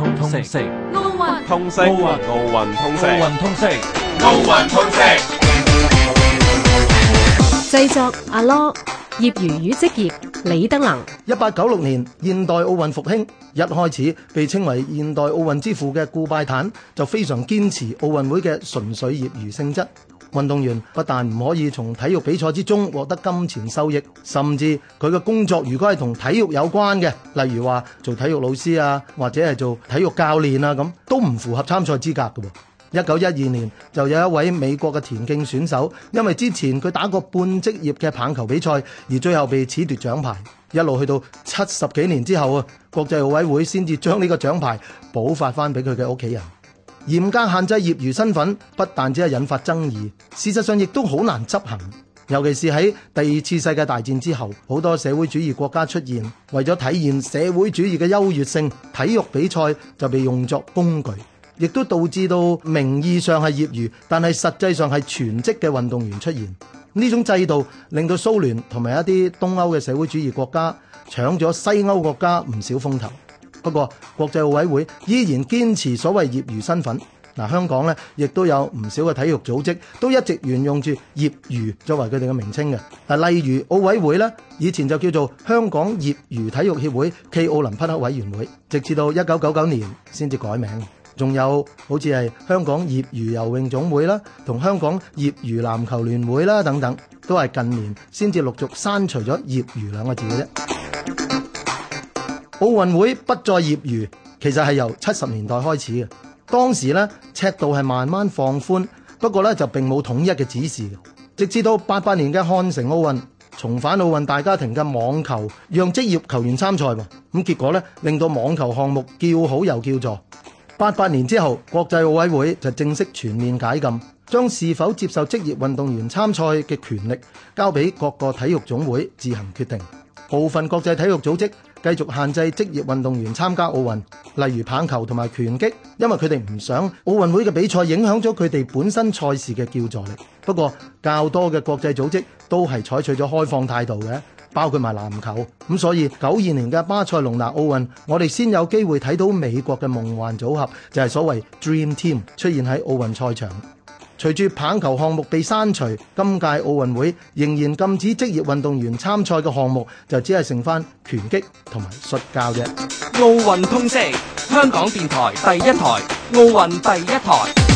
通通識，奧運，奧運，奧運，奧運，奧運，通識，奧運通識。製作：阿羅，業餘與職業，李德能。一八九六年，現代奧運復興一開始，被稱為現代奧運之父嘅顧拜旦就非常堅持奧運會嘅純粹業餘性質。運動員不但唔可以從體育比賽之中獲得金錢收益，甚至佢嘅工作如果係同體育有關嘅，例如話做體育老師啊，或者係做體育教練啊，咁都唔符合參賽資格嘅。一九一二年就有一位美國嘅田徑選手，因為之前佢打過半職業嘅棒球比賽，而最後被褫奪獎牌，一路去到七十幾年之後啊，國際奧委會先至將呢個獎牌補發翻俾佢嘅屋企人。嚴格限制業餘身份，不但只係引發爭議，事實上亦都好難執行。尤其是喺第二次世界大戰之後，好多社會主義國家出現，為咗體現社會主義嘅優越性，體育比賽就被用作工具，亦都導致到名義上係業餘，但係實際上係全職嘅運動員出現。呢種制度令到蘇聯同埋一啲東歐嘅社會主義國家搶咗西歐國家唔少風頭。不過，國際奧委會依然堅持所謂業餘身份。嗱，香港咧亦都有唔少嘅體育組織，都一直沿用住業餘作為佢哋嘅名稱嘅。嗱，例如奧委會咧，以前就叫做香港業餘體育協會暨奧林匹克委員會，直至到一九九九年先至改名。仲有好似係香港業餘游泳總會啦，同香港業餘籃球聯會啦等等，都係近年先至陸續刪除咗業餘兩個字嘅啫。奧運會不再業餘，其實係由七十年代開始嘅。當時呢尺度係慢慢放寬，不過呢就並冇統一嘅指示。直至到八八年嘅漢城奧運，重返奧運大家庭嘅網球，讓職業球員參賽噃。咁結果呢令到網球項目叫好又叫座。八八年之後，國際奧委會就正式全面解禁，將是否接受職業運動員參賽嘅權力交俾各個體育總會自行決定。部分國際體育組織，繼續限制職業運動員參加奧運，例如棒球同埋拳擊，因為佢哋唔想奧運會嘅比賽影響咗佢哋本身賽事嘅叫座力。不過較多嘅國際組織都係採取咗開放態度嘅，包括埋籃球。咁所以九二年嘅巴塞隆拿奧運，我哋先有機會睇到美國嘅夢幻組合，就係所謂 Dream Team 出現喺奧運賽場。隨住棒球項目被刪除，今屆奧運會仍然禁止職業運動員參賽嘅項目就只係剩翻拳擊同埋摔跤嘅。奧運通識，香港電台第一台，奧運第一台。